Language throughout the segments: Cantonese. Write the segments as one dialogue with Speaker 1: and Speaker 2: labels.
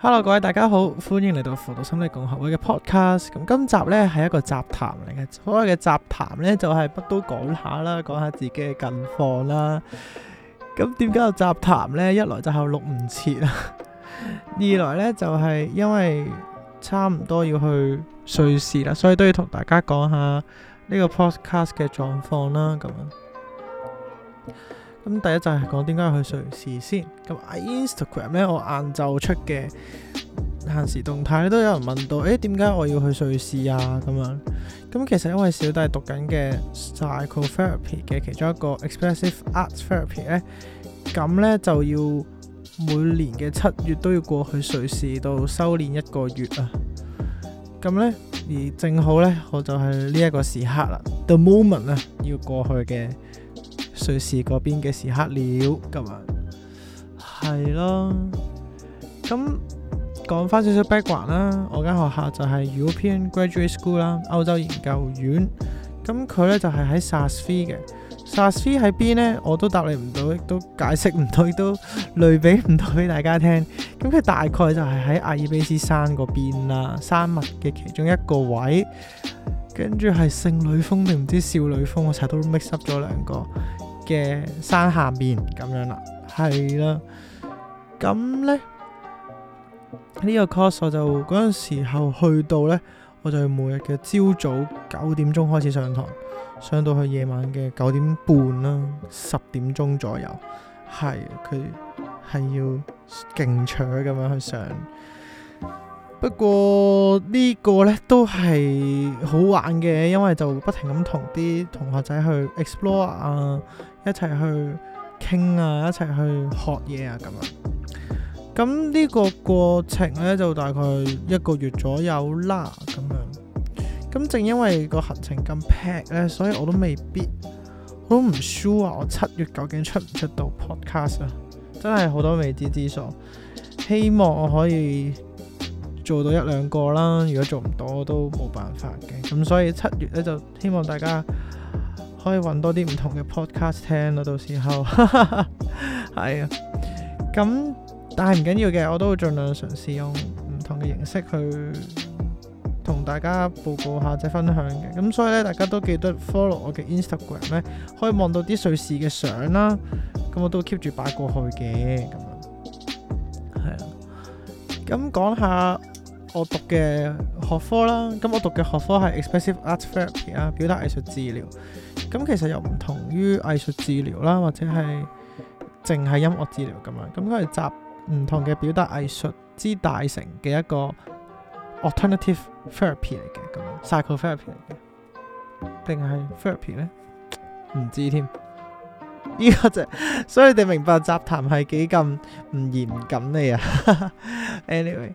Speaker 1: hello，各位大家好，歡迎嚟到輔導心理共學會嘅 podcast。咁 pod 今集呢係一個雜談嚟嘅，所謂嘅雜談呢，就係、是、不都講下啦，講下自己嘅近況啦。咁點解叫雜談呢？一來就係錄唔切啊，二來呢就係、是、因為差唔多要去瑞士啦，所以都要同大家講下呢個 podcast 嘅狀況啦。咁樣。咁第一就係講點解去瑞士先。咁 Instagram 咧，我晏晝出嘅限時動態都有人問到，誒、欸，點解我要去瑞士啊？咁樣。咁其實因為小弟讀緊嘅 psychotherapy 嘅其中一個 expressive arts therapy 咧，咁咧就要每年嘅七月都要過去瑞士度修煉一個月啊。咁咧，而正好咧，我就係呢一個時刻啦，the moment 咧，要過去嘅。瑞士嗰邊嘅時刻了，今日係咯。咁講翻少少 background 啦，我間學校就係 European Graduate School 啦，歐洲研究院。咁佢咧就係喺 Saas-Fee 嘅。Saas-Fee 喺邊咧？我都答你唔到，亦都解釋唔到，亦都類比唔到俾大家聽。咁佢大概就係喺阿爾卑斯山嗰邊啦，山脈嘅其中一個位，跟住係聖女峰定唔知少女峰，我成日都 mix up 咗兩個。嘅山下面咁樣啦，係啦，咁呢，呢、這個 course 我就嗰陣、那個、時候去到呢，我就每日嘅朝早九點鐘開始上堂，上到去夜晚嘅九點半啦，十點鐘左右，係佢係要勁搶咁樣去上。不過個呢個咧都係好玩嘅，因為就不停咁同啲同學仔去 explore 啊，一齊去傾啊，一齊去學嘢啊咁樣。咁呢個過程呢，就大概一個月左右啦，咁樣。咁正因為個行程咁 pack 呢，所以我都未必，我都唔 sure 啊，我七月究竟出唔出到 podcast 啊？真係好多未知之數，希望我可以。做到一兩個啦，如果做唔到都冇辦法嘅。咁所以七月咧就希望大家可以揾多啲唔同嘅 podcast 聽啦。到時候係啊，咁 但係唔緊要嘅，我都會盡量嘗試用唔同嘅形式去同大家報告下或者分享嘅。咁所以咧，大家都記得 follow 我嘅 Instagram 咧，可以望到啲瑞士嘅相啦。咁我都 keep 住擺過去嘅，咁樣係啊。咁講下。我讀嘅學科啦，咁我讀嘅學科係 Expressive Arts Therapy 啊，表達藝術治療。咁其實又唔同於藝術治療啦，或者係淨係音樂治療咁樣。咁佢係集唔同嘅表達藝術之大成嘅一個 alternative therapy 嚟嘅，咁 psychotherapy 嚟嘅，定係 therapy 咧？唔知添。呢個就係、 所以你哋明白雜談係幾咁唔嚴謹你啊 ？Anyway。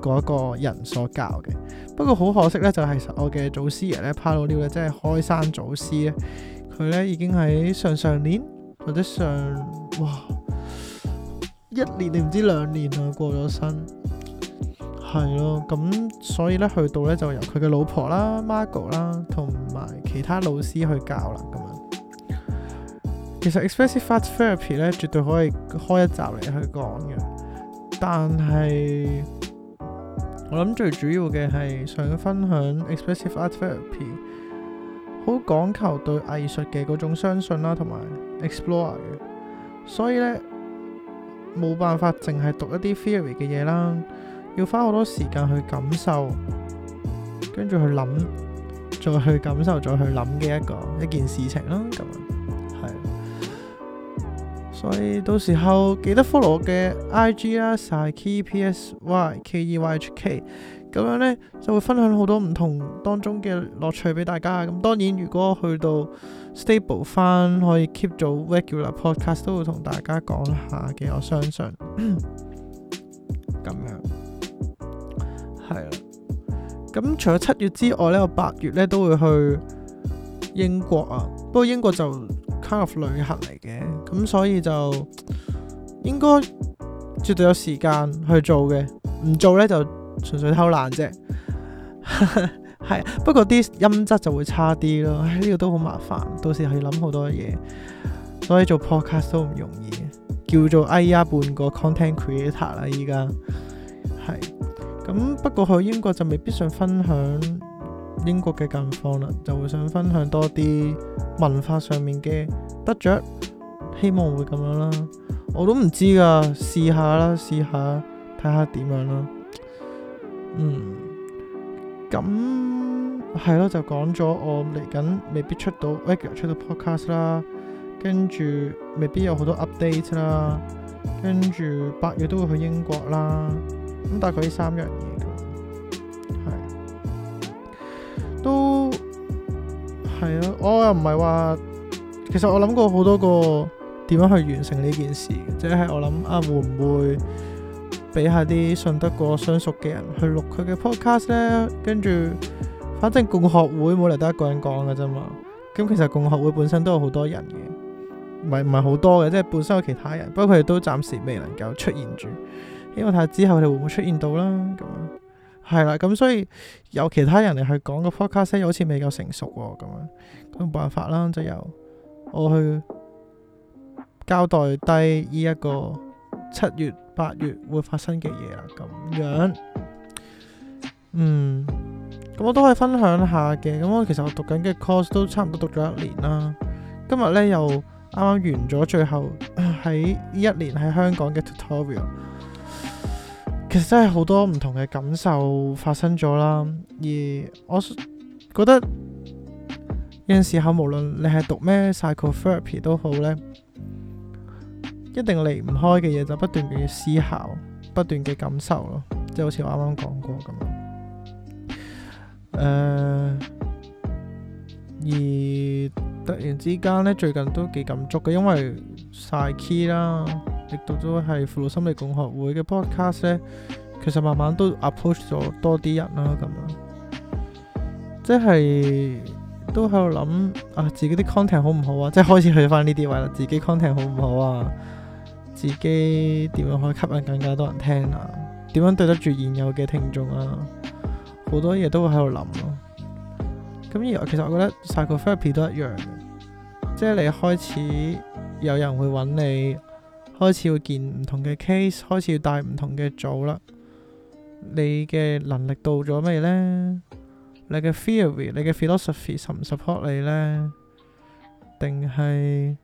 Speaker 1: 嗰個人所教嘅，不過好可惜咧，就係、是、我嘅祖師爺咧，Paolo Knill 咧，即係開山祖師咧，佢咧已經喺上上年或者上哇一年定唔知兩年啊過咗身，係咯，咁所以咧去到咧就由佢嘅老婆啦，Margot 啦，同埋其他老師去教啦咁樣。其實 expressive arts therapy 咧，絕對可以開一集嚟去講嘅，但係，我諗最主要嘅係想分享 expressive art therapy，好講求對藝術嘅嗰種相信啦，同埋 explore 嘅，所以咧冇辦法淨係讀一啲 theory 嘅嘢啦，要花好多時間去感受，跟住去諗，再去感受，再去諗嘅一個一件事情啦，咁。所以到時候記得 follow 我嘅 IG 啊，就、啊、係 K、E、P S Y K E Y H K，咁樣咧就會分享好多唔同當中嘅樂趣俾大家。咁當然如果去到 stable 翻，可以 keep 咗 regular podcast，都會同大家講下嘅。我相信咁 樣係啦。咁除咗七月之外咧，我八月咧都會去英國啊。不過英國就 kind of 旅行嚟嘅，咁所以就應該絕對有時間去做嘅，唔做呢就純粹偷懶啫。係， 不過啲音質就會差啲咯，呢個都好麻煩，到時係要諗好多嘢，所以做 podcast 都唔容易，叫做哎呀半個 content creator 啦依家。係，咁不過去英國就未必想分享英國嘅近況啦，就會想分享多啲。文化上面嘅得着，希望會咁樣啦。我都唔知噶，試下啦，試下睇下點樣啦。嗯，咁係咯，就講咗我嚟緊未必出到，regular，出到 podcast 啦。跟住未必有好多 update 啦。跟住八月都會去英國啦。咁大概呢三樣嘢。係啊，我又唔係話，其實我諗過好多個點樣去完成呢件事，即係我諗啊，會唔會俾下啲信得過相熟嘅人去錄佢嘅 podcast 呢？跟住，反正共學會冇嚟得一個人講噶啫嘛。咁其實共學會本身都有好多人嘅，唔係唔係好多嘅，即係本身有其他人，不過佢哋都暫時未能夠出現住，因為睇下之後佢哋會唔會出現到啦。係啦，咁所以有其他人嚟去講個 podcast 又好似未夠成熟喎、哦，咁樣咁冇辦法啦，就由我去交代低呢一個七月八月會發生嘅嘢啦，咁樣，嗯，咁我都可以分享下嘅，咁我其實我讀緊嘅 course 都差唔多讀咗一年啦，今日呢，又啱啱完咗最後喺呢一年喺香港嘅 tutorial。其實真係好多唔同嘅感受發生咗啦，而我覺得有陣時候無論你係讀咩 psychotherapy 都好咧，一定離唔開嘅嘢就不斷嘅思考，不斷嘅感受咯，即係好似我啱啱講過咁樣。誒、呃，而突然之間咧，最近都幾感觸嘅，因為 Psyche 啦。亦都都係輔導心理共學會嘅 podcast 咧，其實慢慢都 approach 咗多啲人啦，咁啊，即係都喺度諗啊，自己啲 content 好唔好啊？即係開始去翻呢啲位啦，自己 content 好唔好啊？自己點樣可以吸引更加多人聽啊？點樣對得住現有嘅聽眾啊？好多嘢都會喺度諗咯。咁而我其實我覺得 psychotherapy 都一樣，即係你開始有人會揾你。開始要見唔同嘅 case，開始要帶唔同嘅組啦。你嘅能力到咗未呢？你嘅 theory、你嘅 philosophy support 你呢？定係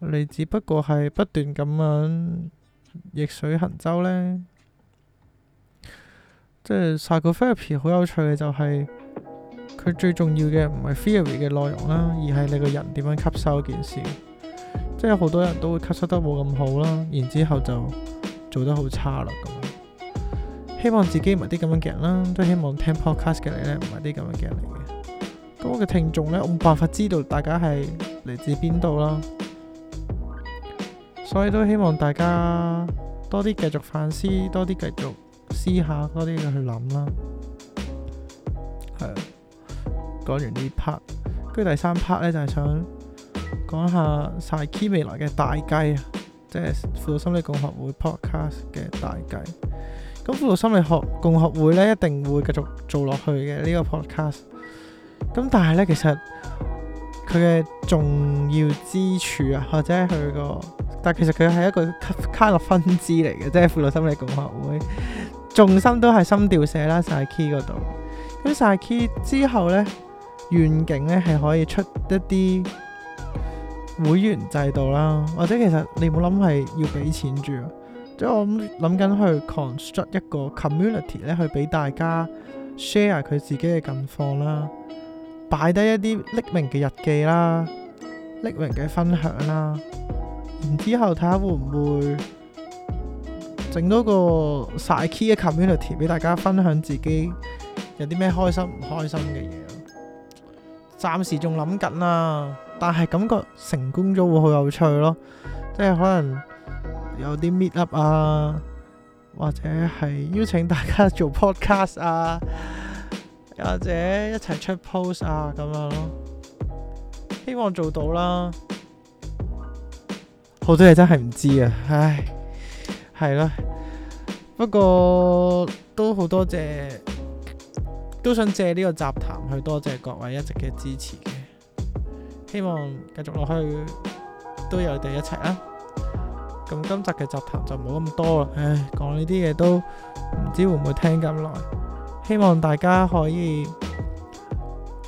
Speaker 1: 你只不過係不斷咁樣逆水行舟呢？即係 Satir therapy 好有趣嘅就係，佢最重要嘅唔係 theory 嘅內容啦，而係你個人點樣吸收件事。即係好多人都會吸收得冇咁好啦，然之後就做得好差啦。咁希望自己唔係啲咁樣嘅人啦，都希望聽 podcast 嘅你咧唔係啲咁樣嘅人嚟嘅。咁我嘅聽眾咧，我冇辦法知道大家係嚟自邊度啦，所以都希望大家多啲繼續反思，多啲繼續思考，多啲去諗啦。係、嗯、講完呢 part，跟住第三 part 咧就係想。講下晒 key 未來嘅大計啊，即係輔導心理共學會 podcast 嘅大計。咁輔導心理學共學會咧，一定會繼續做落去嘅、這個、呢個 podcast。咁但係咧，其實佢嘅重要之處啊，或者佢個但其實佢係一個卡卡樂分支嚟嘅，即係輔導心理共學會重心都係心調舍啦，晒 key 嗰度。咁晒 key 之後咧，願景咧係可以出一啲。會員制度啦，或者其實你冇諗係要俾錢住，
Speaker 2: 即係我諗
Speaker 1: 緊去 construct 一個 community 咧，去俾大家 share 佢自己嘅近況啦，擺低一啲匿名嘅日記啦，匿名嘅分享啦，然之後睇下會唔會整多個 Psykey 嘅 community 俾大家分享自己有啲咩開心唔開心嘅嘢，暫時仲諗緊啦。但係感覺成功咗會好有趣咯，即係可能有啲 meet up 啊，或者係邀請大家做 podcast 啊，或者一齊出 post 啊咁樣咯，希望做到啦。好多嘢真係唔知啊，唉，係咯，不過都好多謝，都想借呢個雜談去多謝各位一直嘅支持。希望繼續落去都有你哋一齊啦。咁今集嘅雜談就冇咁多啦，唉，講呢啲嘢都唔知會唔會聽咁耐。希望大家可以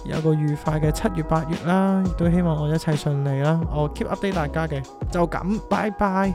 Speaker 1: 有個愉快嘅七月八月啦，亦都希望我一切順利啦。我 keep update 大家嘅，就咁，拜拜。